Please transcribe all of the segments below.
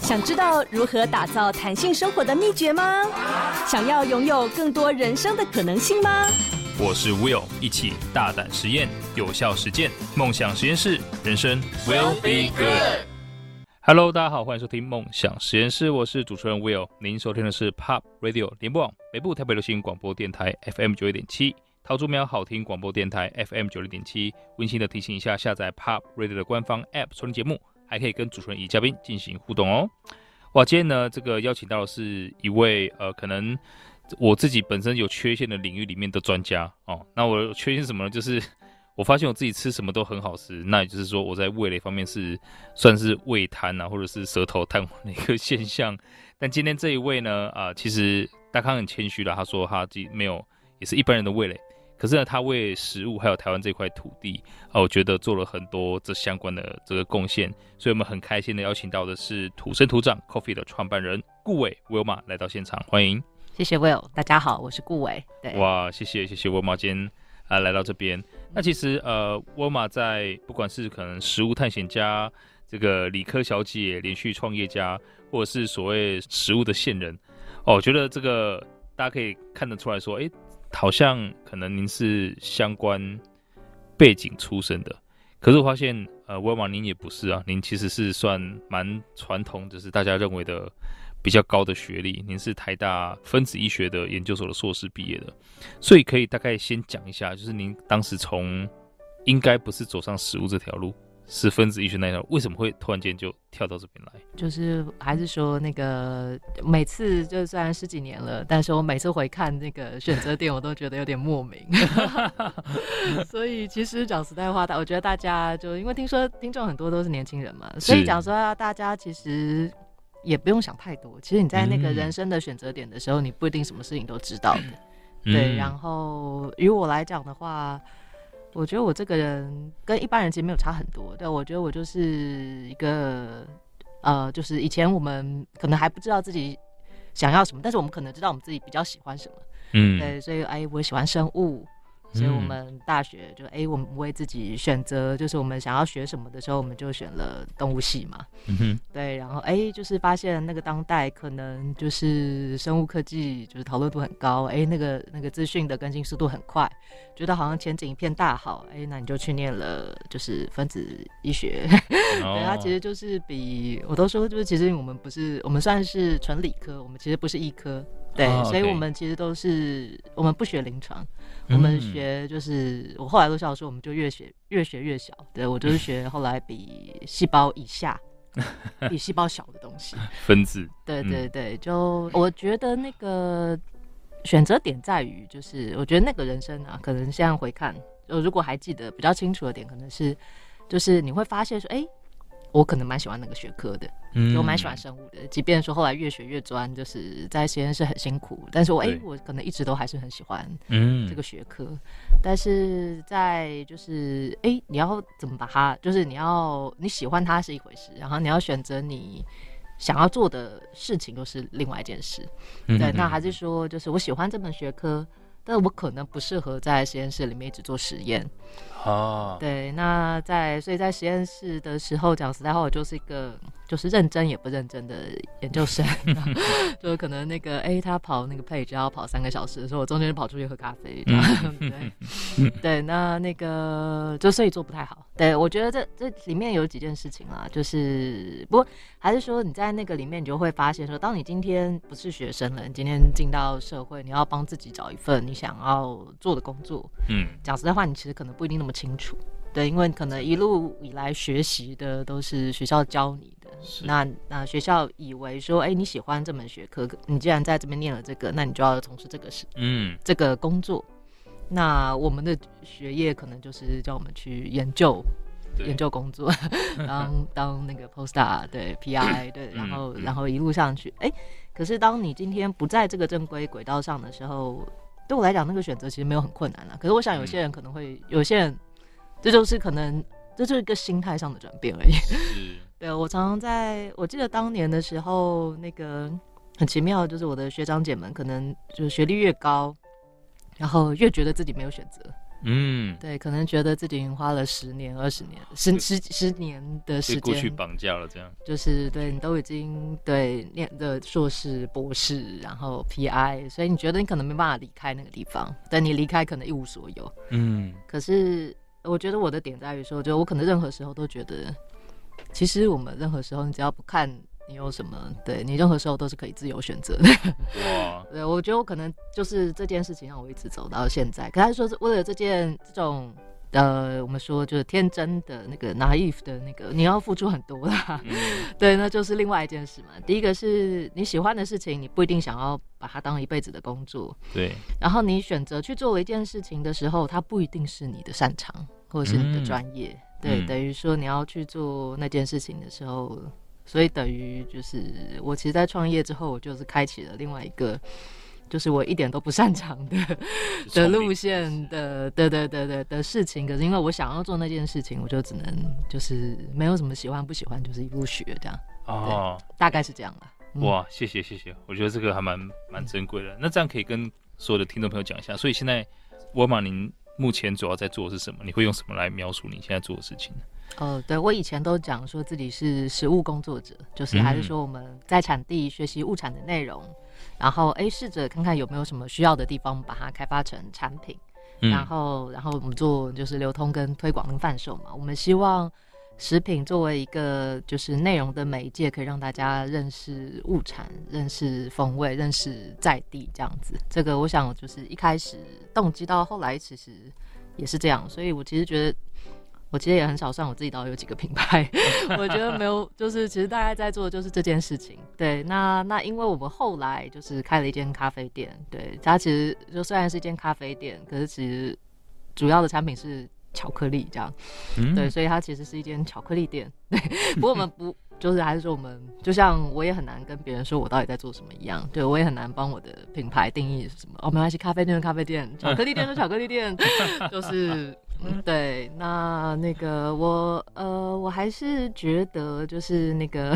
想知道如何打造彈性生活的秘訣嗎？想要擁有更多人生的可能性嗎？我是 Will，一起大膽實驗，有效實踐，夢想實驗室，人生 Will be good。Hello，大家好，歡迎收聽夢想實驗室，我是主持人 Will，您收聽的是 Pop Radio 聯播網北部台北流行廣播電台 FM 九一點七，桃竹苗好聽廣播電台 FM 九零點七，溫馨的提醒一下，下載 Pop Radio 的官方 App 收聽節目。還可以跟主持人以及嘉賓進行互動哦。哇，今天呢，這個邀請到的是一位呃，可能我自己本身有缺陷的領域裡面的專家哦。那我缺陷什麼呢？就是我發現我自己吃什麼都很好吃，那也就是說我在味蕾方面是算是胃癱吶、啊，或者是舌頭癱瘓的一個現象。但今天這一位呢，啊、呃，其實大康很謙虛了，他說他自己沒有，也是一般人的味蕾。可是呢，他為食物還有台灣這塊土地、啊、我覺得做了很多這相關的這個貢獻，所以我們很開心的邀請到的是土生土長 COFE 的創辦人顧瑋 Wilma 來到現場，歡迎。謝謝 Will，大家好，我是顧瑋，對。哇，謝謝謝謝 Wilma 今天啊來到這邊、嗯，那其實呃 Wilma 在不管是可能食物探險家，這個理科小姐，連續創業家，或者是所謂食物的線人，哦、我覺得這個大家可以看得出來說，誒、欸。好像可能您是相關背景出身的，可是我發現，呃，威爾瑪您也不是啊，您其實是算蠻傳統，就是大家認為的比較高的學歷，您是台大分子醫學的研究所的碩士畢業的，所以可以大概先講一下，就是您當時從應該不是走上食物這條路，是分子醫學那條，為什麼會突然間就跳到這邊來？就是還是說那個每次，就雖然十幾年了，但是我每次回看那個選擇點，我都覺得有點莫名。 所以其實講實在話，大我覺得大家就因為聽說聽眾很多都是年輕人嘛，所以講說大家其實也不用想太多。其實你在那個人生的選擇點的時候，嗯，你不一定什麼事情都知道的。嗯，對，然後與我來講的話，我覺得我這個人跟一般人其實沒有差很多，對。我覺得我就是一個，呃，就是以前我們可能還不知道自己想要什麼，但是我們可能知道我們自己比較喜歡什麼，嗯，對，所以哎，我喜歡生物。所以我們大學就哎、嗯欸，我們為自己選擇，就是我們想要學什麼的時候，我們就選了動物系嘛。嗯哼。對，然後哎、欸，就是發現那個當代可能就是生物科技就是討論度很高，哎、欸，那個那個資訊的更新速度很快，覺得好像前景一片大好，哎、欸，那你就去念了就是分子醫學。哦、 對，它其實就是比我都說，就是其實我們不是我們算是純理科，我們其實不是醫科。對，哦 okay、所以我們其實都是我們不學臨床。我們學就是，我後來都笑說，我們就越學越學越小。對，我就是學後來比細胞以下， 比細胞小的東西， 分子。對對對，就我覺得那個選擇點在於，就是我覺得那個人生啊，可能現在回看，我如果還記得比較清楚的點，可能是就是你會發現說，哎、欸。我可能蠻喜歡那個學科的，我、嗯、蠻喜歡生物的。即便說後來越學越專，就是在實驗室很辛苦，但是我誒，我可能一直都還是很喜歡這個學科。嗯、但是在就是哎，你要怎麼把它？就是你要你喜歡它是一回事，然後你要選擇你想要做的事情又是另外一件事。嗯、對、嗯，那還是說就是我喜歡這門學科。但我可能不適合在實驗室裡面一直做實驗，啊，對，那在所以在實驗室的時候，講實在話，我就是一個。就是認真也不認真的研究生， 就可能那個誒、欸。他跑那個 page，只要跑三個小時的時候，我中間就跑出去喝咖啡。對，對，那那個就所以做不太好。對我覺得這這裡面有幾件事情啊，就是不過還是說你在那個裡面，你就會發現說，當你今天不是學生了，你今天進到社會，你要幫自己找一份你想要做的工作。嗯，講實在話，你其實可能不一定那麼清楚。對，因為可能一路以來學習的都是學校教你的，那那學校以為說，哎、欸，你喜歡這門學科，你既然在這邊念了這個，那你就要從事這個事，嗯，這個工作。那我們的學業可能就是叫我們去研究，研究工作，當 當那個 post doc，對，PI，對，然後 嗯嗯，然後一路上去。哎、欸，可是當你今天不在這個正規軌道上的時候，對我來講，那個選擇其實沒有很困難了、啊。可是我想有些人可能會，嗯、有些人。這就是可能，這就是一個心態上的轉變而已。是， 對，我常常在，我記得當年的時候，那個很奇妙，就是我的學長姐們，可能就學歷越高，然後越覺得自己沒有選擇。嗯，對，可能覺得自己花了十年、二十年、十十十年的時間，過去綁架了，這樣。就是對，你都已經對念的碩士、博士，然後 PI，所以你覺得你可能沒辦法離開那個地方。但你離開，可能一無所有。嗯，可是。我覺得我的點在於說，就我可能任何時候都覺得，其實我們任何時候，你只要不看你有什麼，對你任何時候都是可以自由選擇的。 對，我覺得我可能就是這件事情讓我一直走到現在。可是還是說是為了這件這種。呃，我們說就是天真的那個 naive 的那個，你要付出很多啦。嗯、 對，那就是另外一件事嘛。第一個是你喜歡的事情，你不一定想要把它當一輩子的工作。對。然後你選擇去做一件事情的時候，它不一定是你的擅長或者是你的專業、嗯。對，等於說你要去做那件事情的時候，所以等於就是我其實，在創業之後，我就是開啟了另外一個。就是我一點都不擅長的 的路線的，的，對對對對的事情，可是因為我想要做那件事情，我就只能就是沒有什麼喜歡不喜歡，就是一路學這樣。哦，大概是這樣啦、嗯。哇，謝謝謝謝，我覺得這個還蠻蠻珍貴的、嗯。那這樣可以跟所有的聽眾朋友講一下，所以現在顧瑋您目前主要在做的是什麼？你會用什麼來描述你現在做的事情呢？哦、呃，對我以前都講說自己是食物工作者，就是還是說我們在產地學習物產的內容。嗯然後誒，試着看看有沒有什麼需要的地方，把它開發成產品。嗯。然後，然後我們做就是流通跟推廣跟販售嘛。我們希望食品作為一個就是內容的媒介，可以讓大家認識物產、認識風味、認識在地這樣子。這個我想就是一開始動機到後來其實也是這樣，所以我其實覺得。我其實也很少算我自己到底有幾個品牌， 我覺得沒有，就是其實大家在做的就是這件事情。對，那那因為我們後來就是開了一間咖啡店，對，它其實就雖然是一間咖啡店，可是其實主要的產品是巧克力這樣，嗯、對，所以它其實是一間巧克力店。對，不過我們不就是還是說我們就像我也很難跟別人說我到底在做什麼一樣，對，我也很難幫我的品牌定義是什麼。哦，沒關係，咖啡店是咖啡店，巧克力店是巧克力店， 就是。對，那那個我呃，我還是覺得就是那個，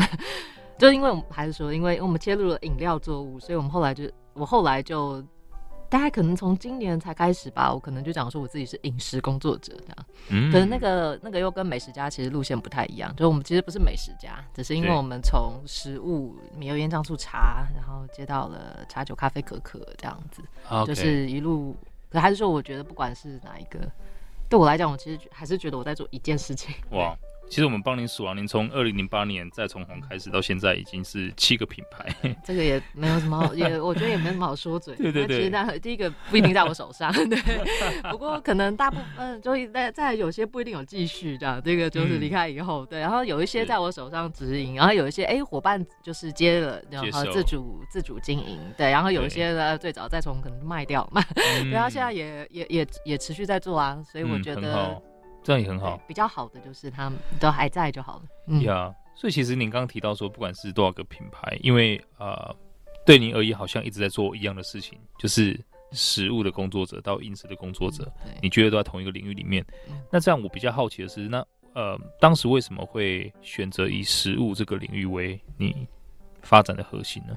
就是因為我們還是說，因為我們切入了飲料作物，所以我們後來就我後來就大概可能從今年才開始吧，我可能就講說我自己是飲食工作者這樣。嗯。可是那個那個又跟美食家其實路線不太一樣，就是我們其實不是美食家，只是因為我們從食物米油鹽醬醋茶，然後接到了茶酒咖啡可可這樣子，okay. 就是一路。可是還是說，我覺得不管是哪一個。對我來講，我其實還是覺得我在做一件事情。Wow. 其實我們幫您數啊，您從二零零八年再從紅開始到現在，已經是七個品牌。這個也沒有什麼好， 也我覺得也沒什麼好說嘴。 對對對。其實那第一個不一定在我手上， 對。不過可能大部分、呃、就在在有些不一定有繼續這樣，這個就是離開以後、嗯，對。然後有一些在我手上直營，然後有一些哎、欸、夥伴就是接了然後自主自主經營，對。然後有一些呢最早再從可能賣掉嘛，嘛、嗯。 然後現在也也也也持續在做啊，所以我覺得、嗯。這樣也很好，比較好的就是他們都還在就好了。對啊，所以其實您剛剛提到說，不管是多少個品牌，因為呃，對您而言好像一直在做一樣的事情，就是食物的工作者到飲食的工作者，嗯，你覺得都在同一個領域裡面。嗯，那這樣我比較好奇的是，那呃，當時為什麼會選擇以食物這個領域為你發展的核心呢？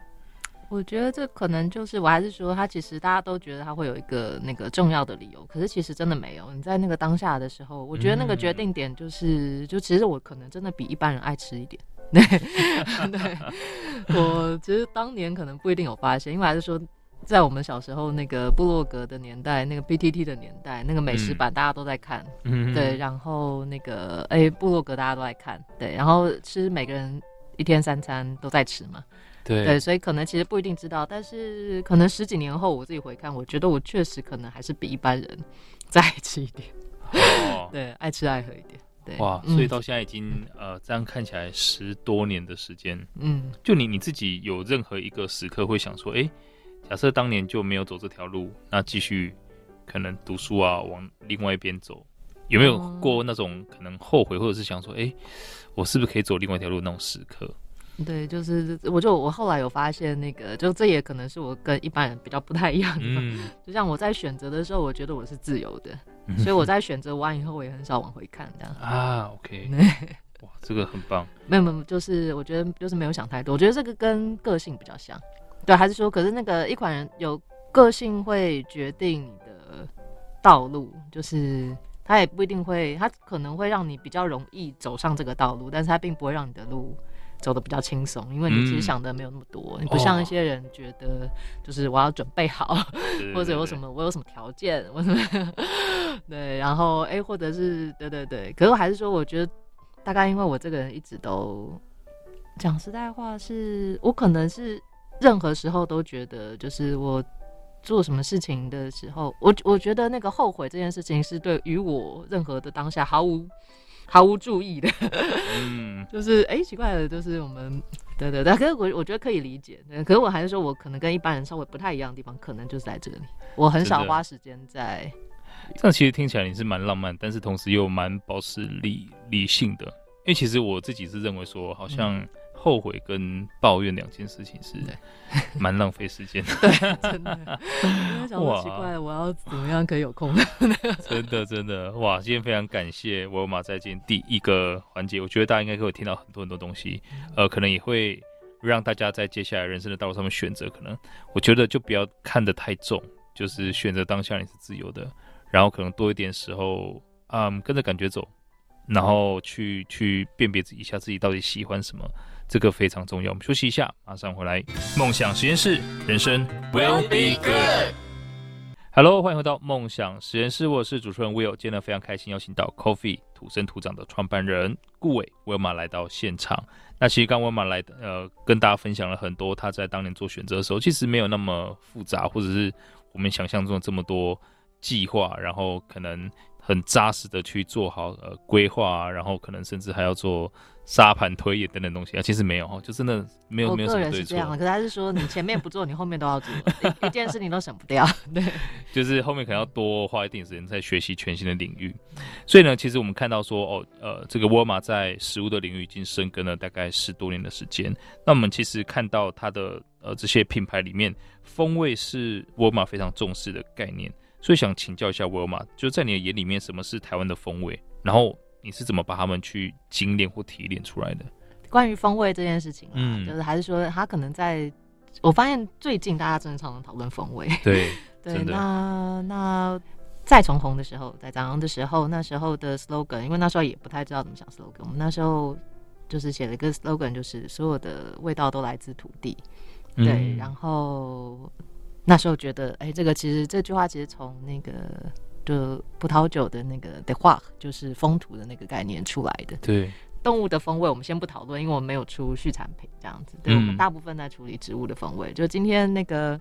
我覺得這可能就是，我還是說他其實大家都覺得他會有一個那個重要的理由，可是其實真的沒有。你在那個當下的時候，我覺得那個決定點就是，就其實我可能真的比一般人愛吃一點。對， 對我其實當年可能不一定有發現，因為還是說在我們小時候那個部落格的年代，那個 PTT 的年代，那個美食版大家都在看，嗯、對，然後那個哎部落格大家都在看，對，然後吃每個人一天三餐都在吃嘛。對，所以可能其實不一定知道，但是可能十幾年後我自己回看，我覺得我確實可能還是比一般人，愛吃一點，oh. 對，愛吃愛喝一點，對，哇，所以到現在已經、嗯、呃，這樣看起來十多年的時間，嗯，就你你自己有任何一個時刻會想說，哎、欸，假設當年就沒有走這條路，那繼續可能讀書啊，往另外一邊走，有沒有過那種可能後悔，或者是想說，哎、欸，我是不是可以走另外一條路那種時刻？對，就是我就我後來有發現那個，就這也可能是我跟一般人比較不太一樣的。嗯， 就像我在選擇的時候，我覺得我是自由的，嗯、所以我在選擇完以後，我也很少往回看這樣。啊，OK，哇，這個很棒。 沒有沒有，就是我覺得就是沒有想太多。我覺得這個跟個性比較像。對，還是說，可是那個一款人有個性會決定你的道路，就是他也不一定會，他可能會讓你比較容易走上這個道路，但是他並不會讓你的路。走的比較輕鬆，因為你其實想的沒有那麼多。嗯，你不像一些人覺得就是我要準備好，哦、對對對或者有什麼我有什麼條件，我什麼 對，然後哎、欸，或者是對對對，可是我還是說，我覺得大概因為我這個人一直都講實在話是，是我可能是任何時候都覺得，就是我做什麼事情的時候，我我覺得那個後悔這件事情是對於我任何的當下毫無。毫無注意的，嗯， 就是哎、欸，奇怪的，就是我們，對對對，可是我我覺得可以理解，對，可是我還是說，我可能跟一般人稍微不太一樣的地方，可能就是在這裡，我很少花時間在。嗯、這樣其實聽起來你是蠻浪漫，但是同時又蠻保持理理性的，因為其實我自己是認為說，好像、嗯。後悔跟抱怨兩件事情是蠻浪費時間的對。 真的，好 奇怪，我要怎麼樣可以有空？ 真的真的，哇！今天非常感謝顧瑋，在今天第一個環節，我覺得大家應該可以聽到很多很多東西，呃，可能也會讓大家在接下來人生的道路上面選擇。可能我覺得就不要看得太重，就是選擇當下你是自由的，然後可能多一點時候，嗯，跟着感覺走，然後去去辨別一下自己到底喜歡什麼。這個非常重要，我們休息一下，馬上回來。夢想實驗室，人生 will be good。Hello，歡迎回到夢想實驗室，我是主持人 Will，今天非常開心邀請到 COFE 土生土長的創辦人顧瑋 Willma 來到現場。那其實剛剛 Willma 來呃跟大家分享了很多他在當年做選擇的時候，其實沒有那麼複雜，或者是我們想象中的這麼多計劃，然後可能。很扎實的去做好呃規劃啊，然後可能甚至還要做沙盤推演等等東西啊，其實沒有，就真的沒有沒有什麼對錯。我個人是這樣的，可他是，是說你前面不做， 你後面都要做一，一件事情都省不掉。對，就是後面可能要多花一點時間在學習全新的領域。 所以呢，其實我們看到說哦，呃，這個沃爾瑪在食物的領域已經深耕了大概十多年的時間。那我們其實看到它的呃這些品牌裡面，風味是沃爾瑪非常重視的概念。所以想請教一下顧瑋，就在你的眼裡面，什麼是台灣的風味？然後你是怎麼把他們去精煉或提煉出來的？關於風味這件事情，嗯，就是還是說，他可能在我發現最近大家真的常常討論風味。對 對，那那在重紅的時候，在長榮的時候，那時候的 slogan，因為那時候也不太知道怎麼想 slogan，我們那時候就是寫了一個 slogan，就是所有的味道都來自土地。嗯、對，然後。那時候覺得，哎、欸，這個其實這句話其實從那個的葡萄酒的那個 terroir，就是風土的那個概念出來的。對，動物的風味我們先不討論，因為我們沒有出畜產品這樣子。對，我們大部分在處理植物的風味，嗯、就今天那個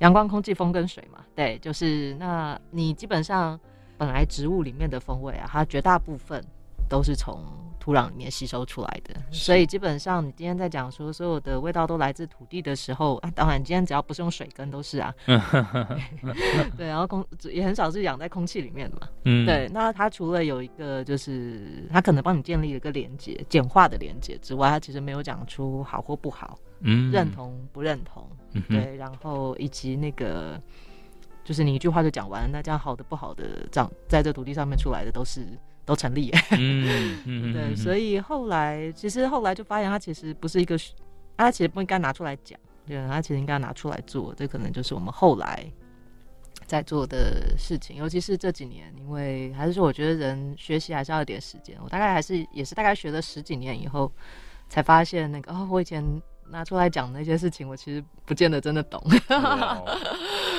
陽光空氣風跟水嘛，對，就是那你基本上本來植物裡面的風味啊，它絕大部分。都是從土壤裡面吸收出來的，所以基本上你今天在講說所有的味道都來自土地的時候，啊，當然今天只要不是用水耕都是啊， 對，然後空也很少是養在空氣裡面的嘛，嗯，對，那它除了有一個就是它可能幫你建立一個連接、簡化的連接之外，它其實沒有講出好或不好，嗯，認同不認同，嗯、對，然後以及那個就是你一句話就講完，那這樣好的不好的長在這土地上面出來的都是。都成立、嗯，嗯、 對，所以後來其實後來就發現，他其實不是一個，他其實不應該拿出來講，對，他其實應該拿出來做，這可能就是我們後來在做的事情，尤其是這幾年，因為還是說，我覺得人學習還是要有點時間，我大概還是也是大概學了十幾年以後，才發現那個，哦，我以前。拿出來講那些事情，我其實不見得真的懂、wow.。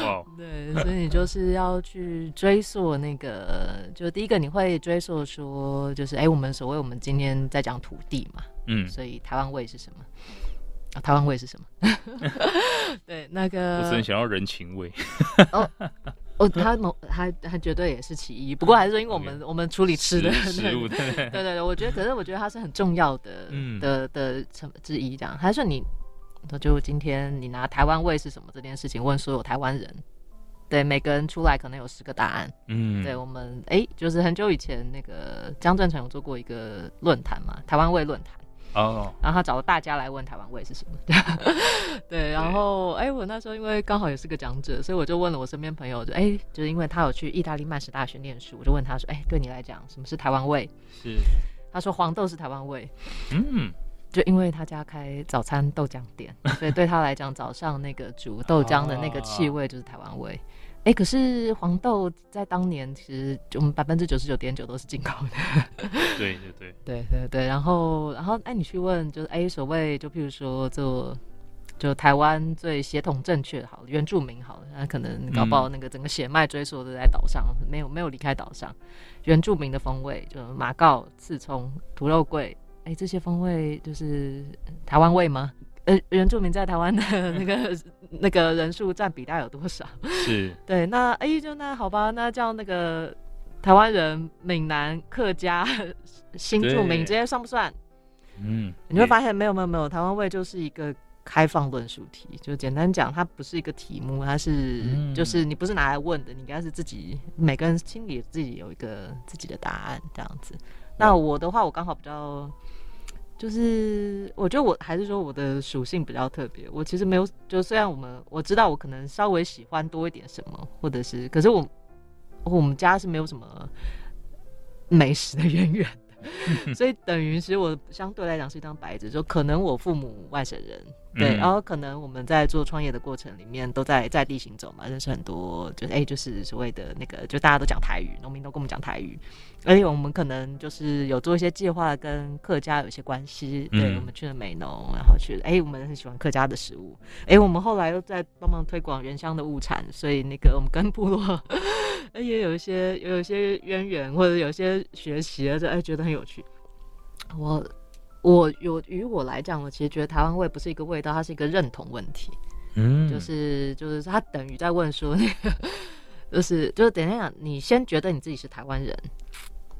Wow. 對，所以你就是要去追溯那個， 就第一個你會追溯說，就是哎、欸，我們所謂我們今天在講土地嘛，嗯，所以台灣味是什麼？啊、台灣味是什麼？ 對，那個我是很想要人情味。 哦哦，他某它它絕對也是其一，不過還是說因為我們、嗯、okay, 我們處理吃的 對對對，我覺得，可是我覺得它是很重要的 的的成分之一，這樣還是說你，那就今天你拿台灣味是什麼這件事情問所有台灣人，對每個人出來可能有十個答案，嗯，對我們哎、欸，就是很久以前那個江振誠有做過一個論壇嘛，台灣味論壇。哦、oh.，然後他找了大家來問台灣味是什麼，對，對然後哎，我那時候因為剛好也是個講者，所以我就問了我身邊朋友，就哎，就是因為他有去意大利慢食大學念書，我就問他說，哎，對你來講什麼是台灣味？是，他說黃豆是台灣味，嗯，就因為他家開早餐豆漿店，所以對他來講早上那個煮豆漿的那個氣味就是台灣味。Oh. 哎、欸，可是黃豆在當年其實就百分之九十九點九都是進口的。對對對 對對對。然後，然後，哎，你去問就，就是哎，所謂就譬如說做，就就台灣最血統正確，好，原住民好，好，那可能搞不好那個整個血脈追溯都在島上，嗯，沒有沒有離開島上。原住民的風味，就馬告、刺蔥、土肉桂，哎、欸，這些風味就是台灣味嗎？呃，原住民在台灣的那個、嗯。那個人數占比大概有多少是？是 對，那 A、欸、就那好吧，那叫那個台灣人、閩南、客家、新住民這些算不算？嗯，你會發現沒有沒有沒有，台灣味就是一個開放論述題，就簡單講，它不是一個題目，它是、嗯、就是你不是拿來問的，你應該是自己每個人心裡自己有一個自己的答案這樣子。那我的話，我剛好比較。就是我覺得我還是說我的屬性比較特別，我其實沒有就雖然我們我知道我可能稍微喜歡多一點什麼，或者是，可是我我們家是沒有什麼美食的淵源、源的， 所以等於是我相對來講是一張白紙，就可能我父母外省人。對，然後可能我們在做創業的過程裡面，都在在地行走嘛，認識很多，就是哎、欸，就是所謂的那個，就大家都講台語，農民都跟我們講台語，而且我們可能就是有做一些計劃跟客家有一些關係，對，我們去了美濃，然後去了，哎、欸，我們很喜歡客家的食物，哎、欸，我們後來又在幫忙推廣原鄉的物產，所以那個我們跟部落也、欸、有一些有一些淵源，或者有一些學習，就哎覺得很有趣，我。我有，於我來講，我其實覺得台灣味不是一個味道，它是一個認同問題。嗯，就是、就是、 就是，它等於在問說那個，就是就是，等一下，你先覺得你自己是台灣人，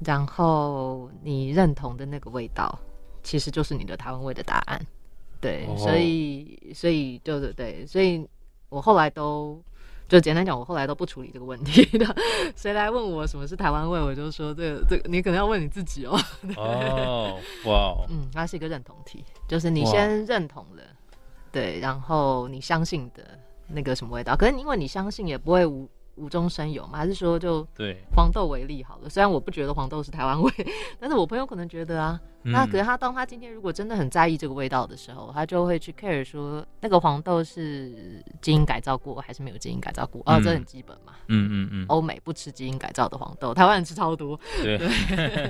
然後你認同的那個味道，其實就是你的台灣味的答案。對，哦、所以所以就是、對、對，所以我後來都。就簡單講，我後來都不處理這個問題的。誰來問我什麼是台灣味，我就說、這個：這這個，你可能要問你自己哦、喔。哦，哇、oh, wow.，嗯，它是一個認同體，就是你先認同了，wow. 對，然後你相信的那個什麼味道，嗯、可是因為你相信，也不會無。無中生有嘛？還是說就對黃豆為例好了？雖然我不覺得黃豆是台灣味，但是我朋友可能覺得啊，嗯、那可是他當他今天如果真的很在意這個味道的時候，他就會去 care 說那個黃豆是基因改造過還是沒有基因改造過啊、嗯哦？這很基本嘛。嗯嗯嗯。歐美不吃基因改造的黃豆，台灣人吃超多。對。對,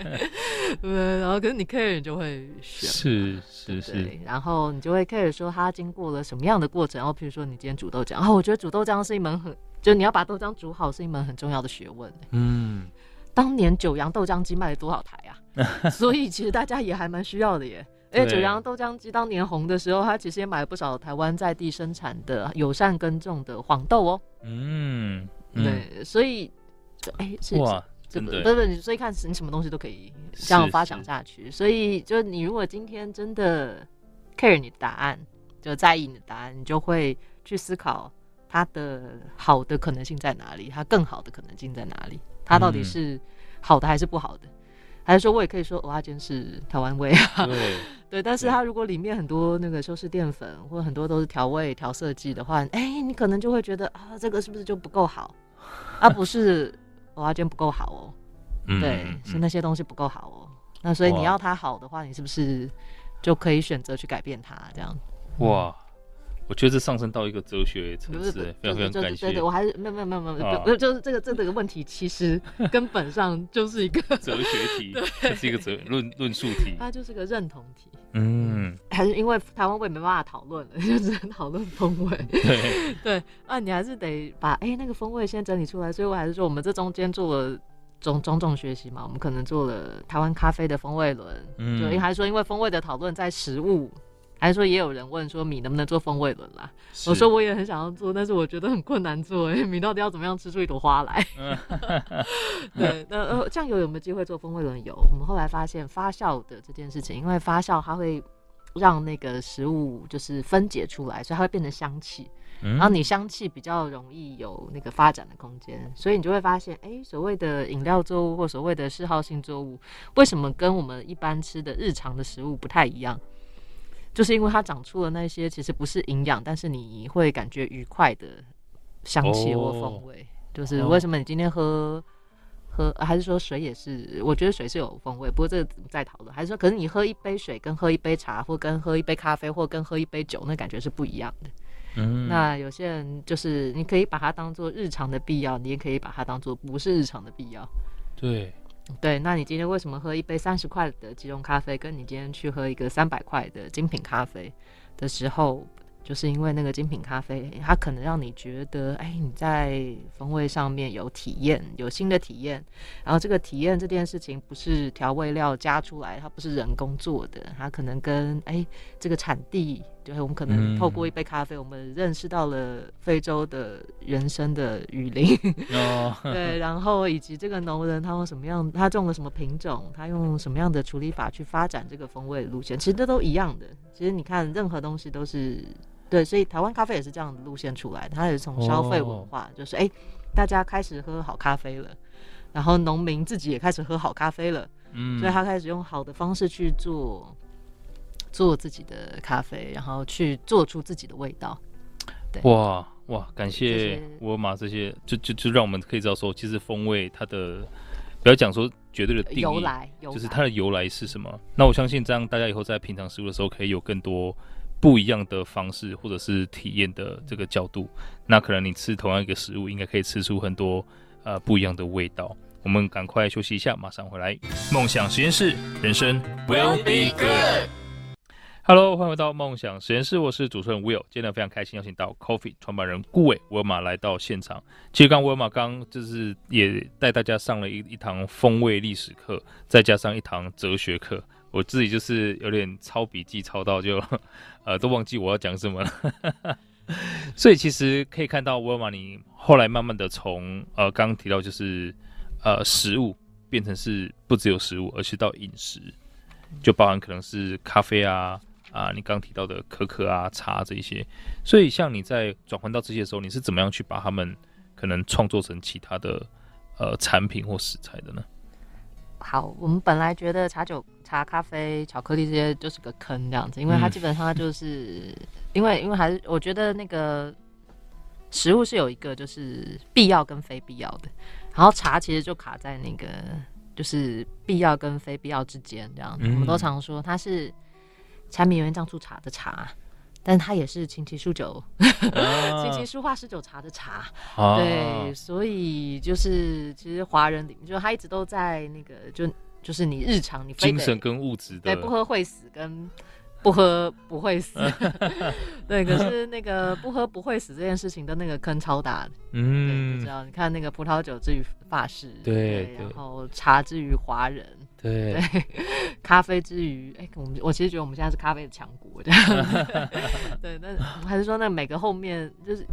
對，然後可是你 care 你就會選，是是是。然後你就會 care 說他經過了什麼樣的過程？然後譬如說你今天煮豆漿，啊、哦，我覺得煮豆漿是一門很。就你要把豆漿煮好，是一門很重要的學問。嗯，當年九陽豆漿機賣了多少台啊？所以其實大家也還蠻需要的耶。而且九陽豆漿機當年紅的時候，它其實也買了不少台灣在地生產的友善耕種的黃豆哦、喔嗯。嗯，對，所以，哎、欸，哇，真的，對不對？所以看你什麼東西都可以這樣發展下去。所以，就你如果今天真的 care 你的答案，就在意你的答案，你就會去思考。它的好的可能性在哪裡？它更好的可能性在哪裡？它到底是好的還是不好的？嗯、還是說我也可以說蚵仔煎是台灣味啊對？ 對，但是它如果裡面很多那個修飾澱粉，或很多都是調味調色劑的話，哎、欸，你可能就會覺得啊、呃，這個是不是就不夠好？啊，不是蚵仔煎不夠好哦，對，是、嗯、那些東西不夠好哦。那所以你要它好的話，你是不是就可以選擇去改變它這樣哇。我覺得這上升到一個哲學層次不、就是就是，非常非對，對對，我還是沒有沒有沒有沒有，沒有沒有啊、就是、這個、這個這個問題，其實根本上就是一個 哲學題，這、就是一個哲論論述題，它、啊、就是個認同題。嗯，還是因為台灣我也沒辦法討論了，就只能討論風味。對對那、啊、你還是得把哎、欸、那個風味先整理出來。所以我還是說，我們這中間做了種種種學習嘛，我們可能做了台灣咖啡的風味輪，對、嗯，還是說因為風味的討論在食物。還是說，也有人問說米能不能做風味輪啦、啊？我說我也很想要做，但是我覺得很困難做、欸。哎，米到底要怎麼樣吃出一朵花來？ 對，那醬油有沒有機會做風味輪？有，我們後來發現發酵的這件事情，因為發酵它會讓那個食物就是分解出來，所以它會變成香氣。然後你香氣比較容易有那個發展的空間，所以你就會發現，哎、欸，所謂的飲料作物或所謂的嗜好性作物，為什麼跟我們一般吃的日常的食物不太一樣？就是因為它長出了那些其實不是營養，但是你會感覺愉快的香氣或風味。Oh. Oh. 就是為什麼你今天喝喝，啊，還是說水也是？我覺得水是有風味，不過這個在討論。還是說，可是你喝一杯水，跟喝一杯茶，或跟喝一杯咖啡，或跟喝一杯酒，那感覺是不一樣的。嗯、mm-hmm.，那有些人就是你可以把它當做日常的必要，你也可以把它當做不是日常的必要。對。對，那你今天為什麼喝一杯三十塊的即溶咖啡，跟你今天去喝一個三百塊的精品咖啡的時候，就是因為那個精品咖啡，它可能讓你覺得，哎、欸，你在風味上面有體驗，有新的體驗，然後這個體驗這件事情不是調味料加出來，它不是人工做的，它可能跟哎、欸、這個產地。對，我們可能透過一杯咖啡，嗯，我們認識到了非洲的原生的雨林。Oh. 對，然後以及這個農人他用什麼樣，他種了什麼品種，他用什麼樣的處理法去發展這個風味的路線，其實這都一樣的。其實你看，任何東西都是對，所以台灣咖啡也是這樣的路線出來，它也是從消費文化，oh. 就是哎、欸，大家開始喝好咖啡了，然後農民自己也開始喝好咖啡了，嗯，所以他開始用好的方式去做。做自己的咖啡，然後去做出自己的味道。哇哇，感謝我媽這些，就就就讓我們可以知道說，其實風味它的不要講說絕對的定義、由來，就是它的由來是什麼。那我相信這樣，大家以後在品嘗食物的時候，可以有更多不一樣的方式，或者是體驗的這個角度。那可能你吃同樣一個食物，應該可以吃出很多呃不一樣的味道。我們趕快休息一下，馬上回來。夢想實驗室，人生 will be good。Hello，歡迎回到夢想實驗室，是我是主持人 Will。今天非常開心邀請到 COFE 創辦人顧瑋瑋瑪來到現場。其實剛瑋瑪剛就是也帶大家上了一一堂風味歷史課，再加上一堂哲學課。我自己就是有點抄筆記抄到就呃都忘記我要講什麼了。 所以其實可以看到瑋瑪你後來慢慢的從呃剛剛提到就是呃食物變成是不只有食物，而是到飲食就包含可能是咖啡啊。啊，你剛提到的可可啊、茶這些，所以像你在轉換到這些的時候，你是怎麼樣去把他們可能創作成其他的呃產品或食材的呢？好，我們本來覺得茶酒、茶、咖啡、巧克力這些就是個坑這樣子，因為它基本上它就是因為、嗯、因為還是我覺得那個食物是有一個就是必要跟非必要的，然後茶其實就卡在那個就是必要跟非必要之間這樣子，嗯、我們都常說它是。柴米油鹽醬醋茶的茶，但他也是琴棋書酒，琴棋書畫詩酒茶的茶、啊。對，所以就是其實華人裡面，就他一直都在那個，就就是你日常你精神跟物質的，對，不喝會死，跟不喝不會死。 對，可是那個不喝不會死這件事情的那個坑超大的。嗯，你知道，你看那個葡萄酒之於法式，對，然後茶之於華人。對對對對，對，咖啡之餘，哎、欸，我們我其實覺得我們現在是咖啡的強國，這樣。 對，那還是說，那每個後面就是，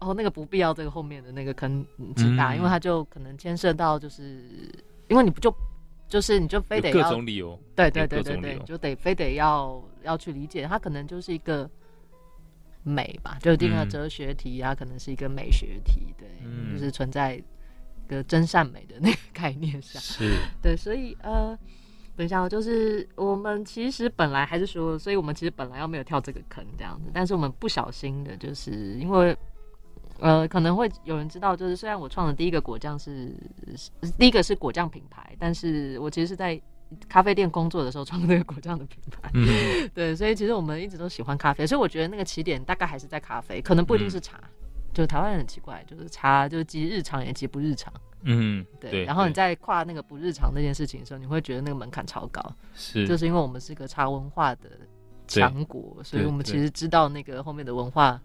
哦，那個不必要這個後面的那個坑很大，嗯、因為它就可能牽涉到，就是，因為你不就，就是你就非得要，各種理由，對對對對對，就得非得要要去理解，它可能就是一個美吧，就第二個哲學題，啊，嗯、可能是一個美學題，對，嗯、就是存在。個真善美的那個概念上是對，所以呃，等一下，我就是我們其實本來還是說，所以我們其實本來要沒有跳這個坑這樣子，但是我們不小心的，就是因為呃，可能會有人知道，就是雖然我創的第一個果醬是第一個是果醬品牌，但是我其實是在咖啡店工作的時候創的那個果醬的品牌。嗯，對，所以其實我們一直都喜歡咖啡，所以我覺得那個起點大概還是在咖啡，可能不一定是茶。嗯就是台灣很奇怪，就是茶就是既日常，也既不日常。嗯，對。然後你在跨那個不日常那件事情的時候，你會覺得那個門檻超高。是，就是因為我們是一個茶文化的強國，所以我們其實知道那個後面的文化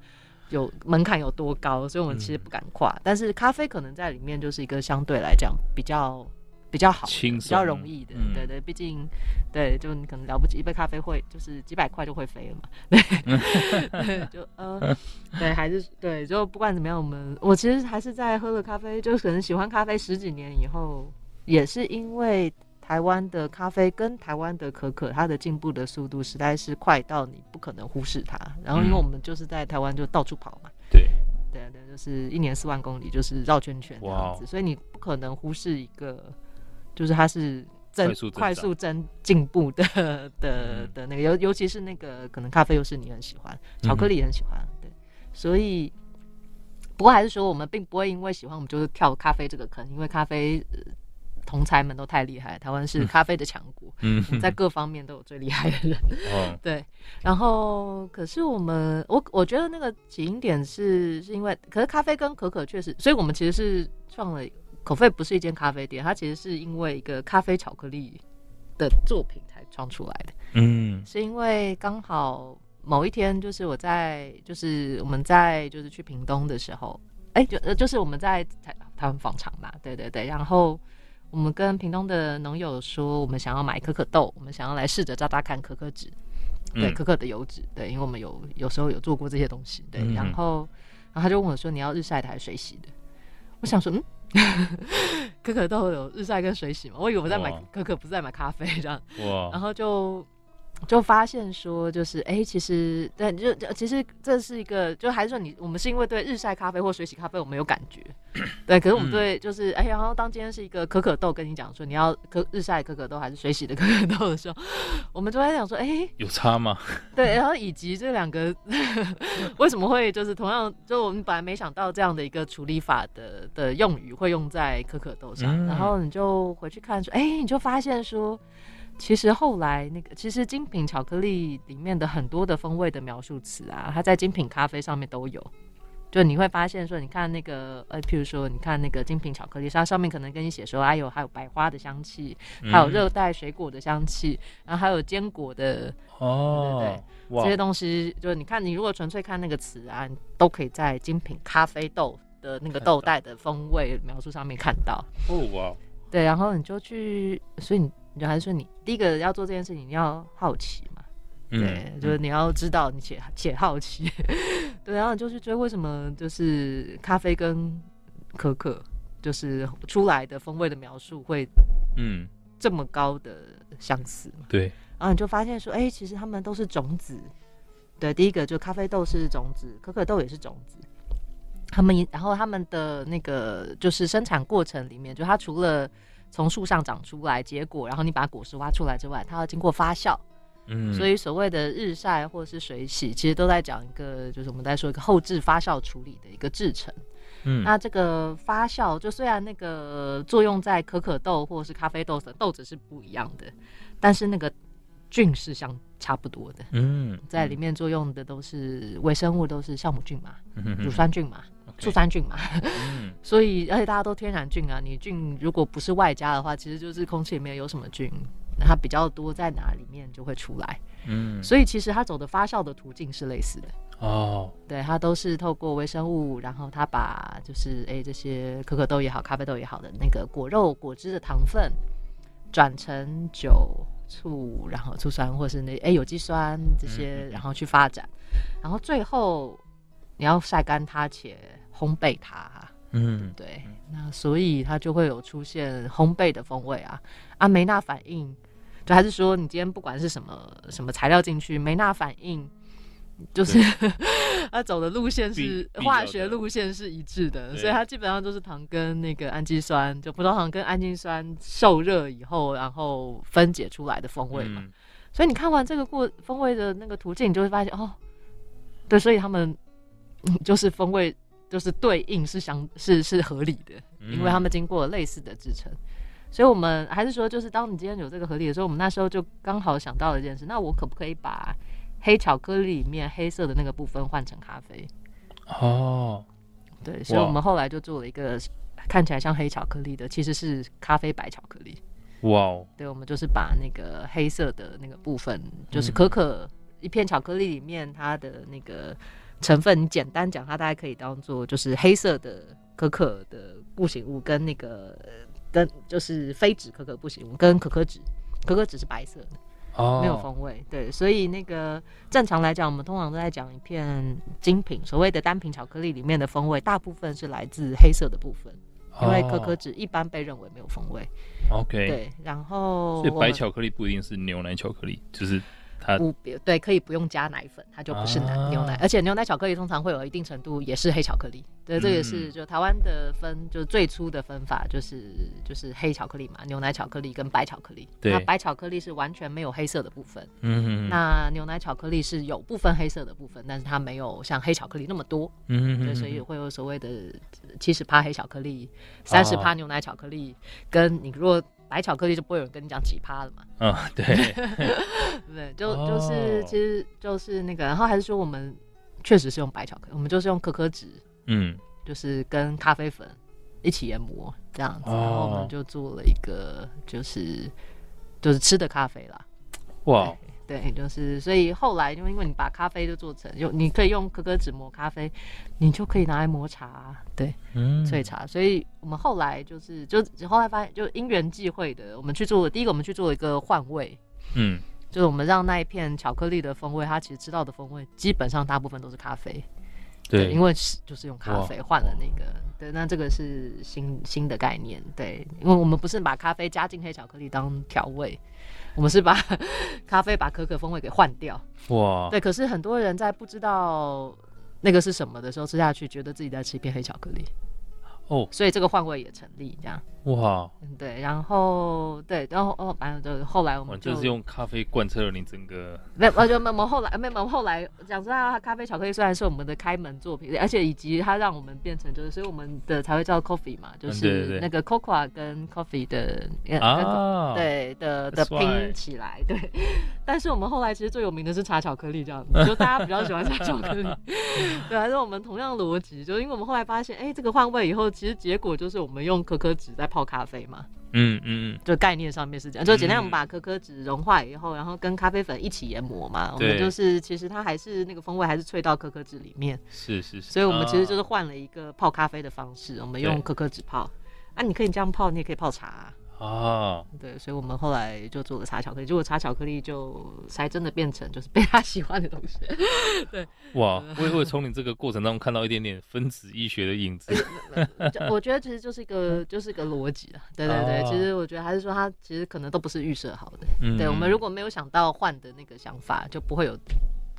有，對對對，有門檻有多高，所以我們其實不敢跨，嗯。但是咖啡可能在裡面就是一個相對來講比較。比較好，輕鬆，比較容易的，對對，畢竟，對，就你可能了不起，一杯咖啡會就是幾百塊就會飛了嘛，對， 對就呃，對，還是對，就不管怎麼樣，我們我其實還是在喝了咖啡，就可能喜歡咖啡十幾年以後，也是因為台灣的咖啡跟台灣的可可，它的進步的速度實在是快到你不可能忽視它。然後，因為我們就是在台灣就到處跑嘛，對、嗯，對啊，對，就是一年四萬公里，就是繞圈圈這樣子。子、wow。所以你不可能忽視一個。就是它是正快速增進步的的的那個，尤尤其是那個可能咖啡又是你很喜歡，巧克力也很喜歡，對。所以，不過還是說我們並不會因為喜歡我們就是跳咖啡這個坑，因為咖啡、呃、同儕們都太厲害，台灣是咖啡的強國、嗯，嗯、在各方面都有最厲害的人、嗯。對。然後，可是我們我我覺得那個起因點是是因為，可是咖啡跟可可確實，所以我們其實是創了。COFE 不是一間咖啡店，它其實是因為一個咖啡巧克力的作品才創出來的。嗯，是因為剛好某一天，就是我在，就是我們在，就是去屏東的時候，哎、欸，就就是我們在台台灣農場嘛，對對對。然後我們跟屏東的農友說，我們想要買可可豆，我們想要來試着榨榨看可可脂、嗯，對，可可的油脂，對，因為我們有有時候有做過這些東西，對。嗯、然後，然後他就問我說：“你要日曬的還是水洗的？”我想說，嗯。 可可豆有日曬跟水洗嗎？我以為我在買可可，不是在買咖啡這樣，Wow.Wow. 然後就。就發現說，就是哎、欸，其實對，就，就其實這是一個，就還是說你我們是因為對日曬咖啡或水洗咖啡我們有感覺，對，可是我們對就是哎、嗯欸，然後當今天是一個可可豆跟你講說你要可日曬可可豆還是水洗的可可豆的時候，我們就在想說，哎、欸，有差嗎？對，然後以及這兩個 為什麼會就是同樣，就我們本來沒想到這樣的一個處理法的的用語會用在可可豆上，嗯、然後你就回去看說，哎、欸，你就發現說。其實後來那個，其實精品巧克力裡面的很多的風味的描述詞啊，它在精品咖啡上面都有。就你會發現說，你看那個呃、欸，譬如說，你看那個精品巧克力，它上面可能跟你寫說，哎、啊、呦，還有白花的香氣，還有熱帶水果的香氣、嗯，然後還有堅果的哦，對、對、對，這些東西，就是你看，你如果純粹看那個詞啊，都可以在精品咖啡豆的那個豆袋的風味描述上面看到。哦哇，對，然後你就去，所以你。你就還是說你，你第一個要做這件事情，你要好奇嘛？對，嗯、就是你要知道，嗯、你且且好奇， 對，然後你就去追為什麼就是咖啡跟可可就是出來的風味的描述會嗯這麼高的相似？對、嗯，然後你就發現說，哎、欸，其實他們都是種子。對，第一個就咖啡豆是種子，可可豆也是種子。他們然後他們的那個就是生產過程裡面，就它除了從樹上長出來，結果然後你把果實挖出來之外，它要經過發酵，嗯，所以所謂的日曬或是水洗，其實都在講一個，就是我們在說一個後置發酵處理的一個製程，嗯，那這個發酵就雖然那個作用在可可豆或是咖啡豆的豆子是不一樣的，但是那個菌是相差不多的，嗯，在裡面作用的都是微生物，都是酵母菌嘛，乳酸菌嘛。醋酸菌嘛、嗯， 所以而且大家都天然菌啊，你菌如果不是外加的話，其實就是空氣裡面有什麼菌，它比較多在哪裡面就會出來，嗯，所以其實它走的發酵的途徑是類似的哦，對，它都是透過微生物，然後它把就是哎、欸、這些可可豆也好，咖啡豆也好的那個果肉果汁的糖分轉成酒醋，然後醋酸或是那哎、欸、有機酸這些，然後去發展，嗯、然後最後你要曬乾它且。烘焙它、啊，嗯，對，對，那所以它就會有出現烘焙的風味啊。啊，梅納反應，就還是說你今天不管是什麼什麼材料進去，梅納反應就是 它走的路線是化學路線是一致的，所以它基本上都是糖跟那個氨基酸，就葡萄糖跟氨基酸受熱以後，然後分解出來的風味嘛。嗯、所以你看完這個過風味的那個途徑，你就會發現哦，對，所以他們就是風味。就是對應是相是是合理的，因為他們經過了類似的製程，嗯。所以我們還是說，就是當你今天有這個合理的時候，我們那時候就剛好想到了一件事，那我可不可以把黑巧克力裡面黑色的那個部分換成咖啡？哦，對，所以我們後來就做了一個看起來像黑巧克力的，其實是咖啡白巧克力。哇哦，對，我們就是把那個黑色的那個部分，就是可可、嗯、一片巧克力裡面它的那個。成分，你簡單講它，大概可以當做就是黑色的可可的固形物，跟那個跟就是非脂可可固形物，跟可可脂，可可脂是白色的哦，沒有風味。Oh。對，所以那個正常來講，我們通常都在講一片精品，所謂的單品巧克力裡面的風味，大部分是來自黑色的部分，Oh. 因為可可脂一般被認為沒有風味。OK，對，然後所以白巧克力不一定是牛奶巧克力，就是。不，對，可以不用加奶粉，它就不是奶、啊、牛奶，而且牛奶巧克力通常會有一定程度也是黑巧克力。對，這、嗯、也是就台灣的分，就是最初的分法就是就是黑巧克力嘛，牛奶巧克力跟白巧克力。對，那白巧克力是完全沒有黑色的部分。嗯，那牛奶巧克力是有部分黑色的部分，但是它沒有像黑巧克力那麼多。嗯，對，所以會有所謂的七十趴黑巧克力，三十趴牛奶巧克力，哦、跟你若。白巧克力就不會有人跟你講奇葩了嘛。嗯，對， 對，就，oh. 就是，其實就是那個，然後還是說我們確實是用白巧克力，我們就是用可可脂，嗯，就是跟咖啡粉一起研磨這樣子，oh. 然後我們就做了一個就是就是吃的咖啡啦。哇、wow.。對，就是所以後來，因為因為你把咖啡都做成，用你可以用可可脂磨咖啡，你就可以拿來磨茶，對，嗯、萃茶。所以我們後來就是，就後來發現，就因緣際會的，我們去做了第一個，我們去做了一個換位。嗯，就是我們讓那一片巧克力的風味，它其實吃到的風味，基本上大部分都是咖啡，對，對因為是就是用咖啡換了那個。對，那這個是新新的概念，對，因為我們不是把咖啡加進黑巧克力當調味，我們是把呵呵咖啡把可可風味給換掉。哇，對，可是很多人在不知道那個是什麼的時候吃下去，覺得自己在吃一片黑巧克力。哦、oh.，所以這個換位也成立，這樣。哇、wow.，對，然後對，然後哦，反正就是後來我們就是用咖啡貫徹了你整個。沒，我就沒，我們後來沒，我們後來講實話，咖啡巧克力雖然是我們的開門作品，而且以及它讓我們變成就是，所以我們的才會叫 coffee 嘛，就是那個 cocoa 跟 coffee 的啊，對、對、對、對、ah, 的的拼起來，對。但是我們後來其實最有名的是茶巧克力，這樣子 就大家比較喜歡茶巧克力。 對，還是我們同樣邏輯，就因為我們後來發現，哎、欸，這個換位以後。其實結果就是我們用可可脂在泡咖啡嘛嗯，嗯嗯，就概念上面是這樣，就是簡單我們把可可脂融化以後，嗯、然後跟咖啡粉一起研磨嘛，我們就是其實它還是那個風味，還是萃到可可脂裡面，是是是，所以我們其實就是換了一個泡咖啡的方式，啊、我們用可可脂泡，啊，你可以這樣泡，你也可以泡茶、啊。啊，對，所以我們後來就做了茶巧克力，結果茶巧克力就才真的變成就是被他喜歡的東西。對，哇，我、嗯、也會從你這個過程當中看到一點點分子醫學的影子。嗯嗯嗯、我覺得其實就是一個就是一個邏輯啊，對對對、哦，其實我覺得還是說他其實可能都不是預設好的、嗯。對，我們如果沒有想到換的那個想法，就不會有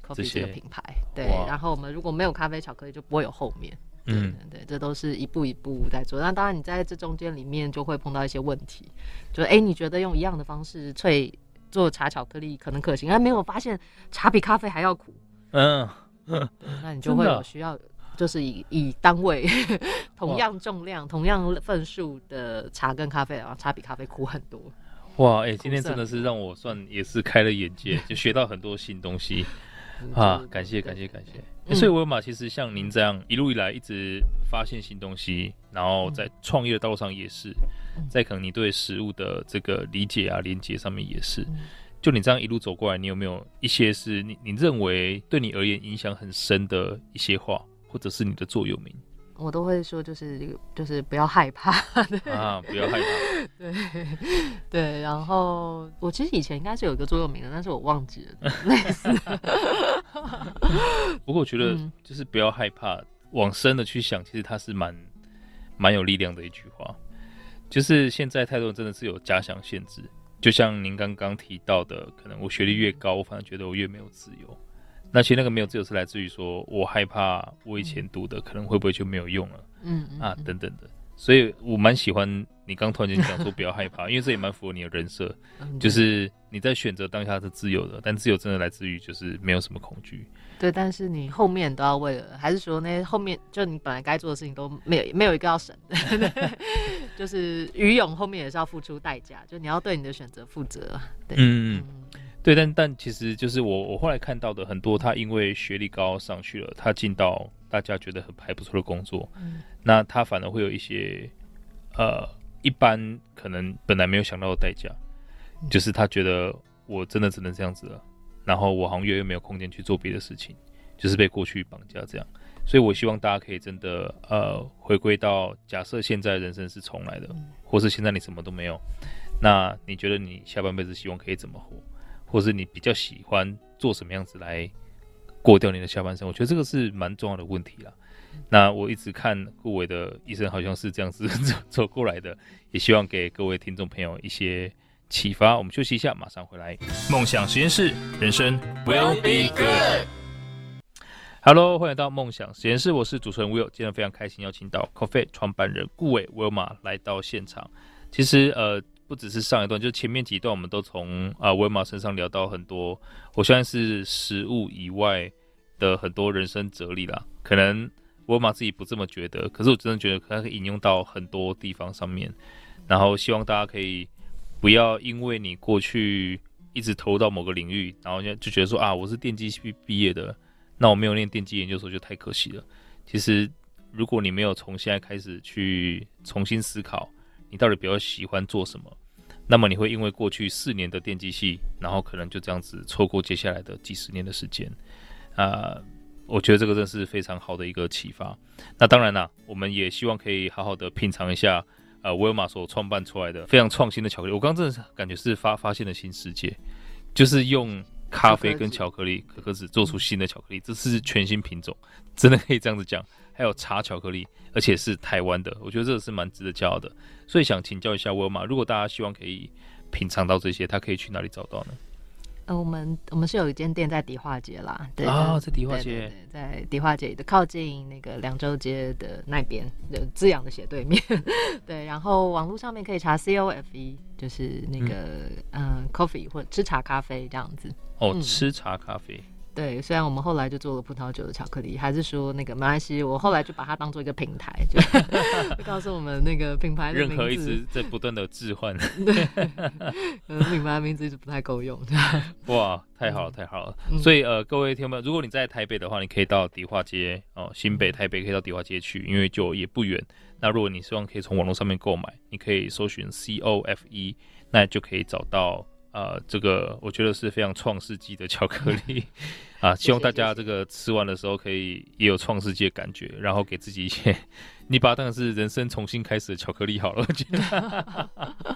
COFE 這，這個品牌。對，然後我們如果沒有咖啡巧克力，就不會有後面。嗯，對，這都是一步一步在做。那當然，你在這中間裡面就會碰到一些問題，就哎、欸，你覺得用一樣的方式萃做茶巧克力可能可行？哎，沒有發現茶比咖啡還要苦。嗯，嗯，那你就會有需要，就是以以單位同樣重量、同樣份數的茶跟咖啡啊，然後茶比咖啡苦很多。哇，哎、欸，今天真的是讓我算也是開了眼界，就學到很多新東西。 啊，感謝感謝感謝！感謝欸、所以 Will 嘛，其實像您這樣一路以來一直發現新東西，然後在創業的道路上也是，在可能你對食物的這個理解啊、連接上面也是。就你這樣一路走過來，你有沒有一些是你你認為對你而言影響很深的一些話，或者是你的座右銘？我都會說，就是就是不要害怕的啊，不要害怕，對對。然後我其實以前應該是有一個座右銘的，但是我忘記了 類似的 不過我覺得就是不要害怕，往深的去想，其實它是蠻蠻有力量的一句話。就是現在太多人真的是有假想限制，就像您剛剛提到的，可能我學歷越高，我反而覺得我越沒有自由。那其實那個沒有自由是來自於說，我害怕我以前讀的，可能會不會就沒有用了，嗯啊等等的，所以我蠻喜歡你剛突然間講說不要害怕，因為這也蠻符合你的人設，就是你在選擇當下是自由的，但自由真的來自於就是沒有什麼恐懼，嗯。對，但是你後面都要為了，還是說那些後面就你本來該做的事情都沒有沒有一個要省， 就是於勇後面也是要付出代價，就你要對你的選擇負責，對。嗯對，但但其實就是我我後來看到的很多，他因為學歷高上去了，他進到大家覺得很還不錯的工作，嗯，那他反而會有一些呃一般可能本來沒有想到的代價，就是他覺得我真的只能這樣子了，然後我好像又沒有空間去做別的事情，就是被過去綁架這樣，所以我希望大家可以真的呃回歸到假設現在人生是重來的，嗯，或是現在你什麼都沒有，那你覺得你下半輩子希望可以怎麼活？或是你比較喜歡做什麼樣子來過掉你的下半生？我覺得這個是蠻重要的問題啦。那我一直看顧瑋的一生好像是這樣子走 走過來的，也希望給各位聽眾朋友一些啟發。我們休息一下，馬上回來。夢想實驗室，人生 will be good。Hello，歡迎到夢想實驗室，我是主持人 Will，今天非常開心邀請到 COFE 創辦人顧瑋 Will 馬來到現場。其實呃。不只是上一段，就前面幾段，我們都從啊威馬身上聊到很多。我現在是食物以外的很多人生哲理啦。可能威馬自己不這麼覺得，可是我真的覺得，它可以引用到很多地方上面。然後希望大家可以不要因為你過去一直投入到某個領域，然後就就覺得說啊，我是電機系畢業的，那我沒有念電機研究所就太可惜了。其實如果你沒有從現在開始去重新思考，你到底比較喜歡做什麼？那麼你會因為過去四年的電機系，然後可能就這樣子錯過接下來的幾十年的時間，啊、呃，我覺得這個真是非常好的一個啟發。那當然啦，我們也希望可以好好的品嘗一下，呃，威爾瑪所創辦出來的非常創新的巧克力。我剛剛真的是感覺是發發現了新世界，就是用。咖啡跟巧克力可可脂，做出新的巧克力，這是全新品種，真的可以這樣子講。還有茶巧克力，而且是台灣的，我覺得這個是蠻值得驕傲的。所以想請教一下沃爾瑪，如果大家希望可以品嘗到這些，他可以去哪裡找到呢？呃，我們我們是有一間店在迪化街啦，對啊、哦，在迪化街，在迪化街的靠近那個涼州街的那邊，滋養的斜對面，對。然後網絡上面可以查 COFE，就是那個嗯、呃、，coffee 或吃茶咖啡這樣子。哦，嗯、吃茶咖啡。對，雖然我們後來就做了葡萄酒的巧克力，還是說那個馬來西，我後來就把它當做一個平台，就， 就告訴我們那個品牌的名字，任何一直在不斷的置換， 對， 可能品牌名字一直不太夠用。 哇，太好了，太好了！嗯、所以呃，各位聽友如果你在台北的話，你可以到迪化街哦，新北、台北可以到迪化街去，因為就也不遠。那如果你希望可以從網絡上面購買，你可以搜尋 COFE，那就可以找到。呃，這個我覺得是非常創世紀的巧克力啊謝謝！希望大家這個吃完的時候可以也有創世紀的感覺，然後給自己一些，你把它當成是人生重新開始的巧克力好了。我覺得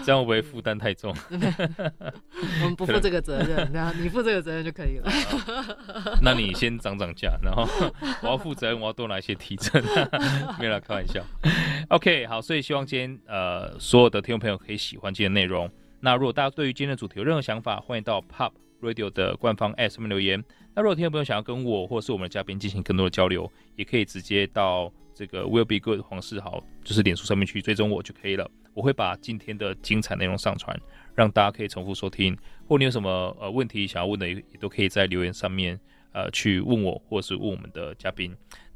這樣會不會負擔太重？ 我們不負這個責任， 然後你負這個責任就可以了。 呃、那你先漲漲價，然後我要負責任，我要多拿一些提成、啊。 沒啦，開玩笑。OK，好，所以希望今天呃所有的聽眾朋友可以喜歡今天內容。那如果大家對於今天的主題有任何想法，歡迎到 POP Radio 的官方 App 上面留言。那如果聽眾朋友想要跟我或是我們的嘉賓進行更多的交流，也可以直接到這個 Will Be Good 黃世豪就是臉書上面去追蹤我就可以了。我會把今天的精彩內容上傳，讓大家可以重複收聽。或你有什麼呃問題想要問的也，也都可以在留言上面呃去問我，或是問我們的嘉賓。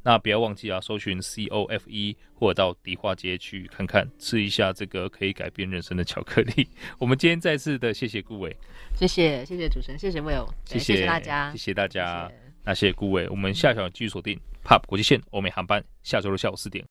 那不要忘記啊，搜尋 COFE 或者到迪化街去看看，吃一下這個可以改變人生的巧克力。 我們今天再次的謝謝顧瑋，謝謝謝謝主持人，謝謝 Will，謝謝，謝謝大家，謝謝大家，謝謝，那謝謝顧瑋，我們下一場繼續鎖定 POP 國際線歐美航班，下周日下午四點。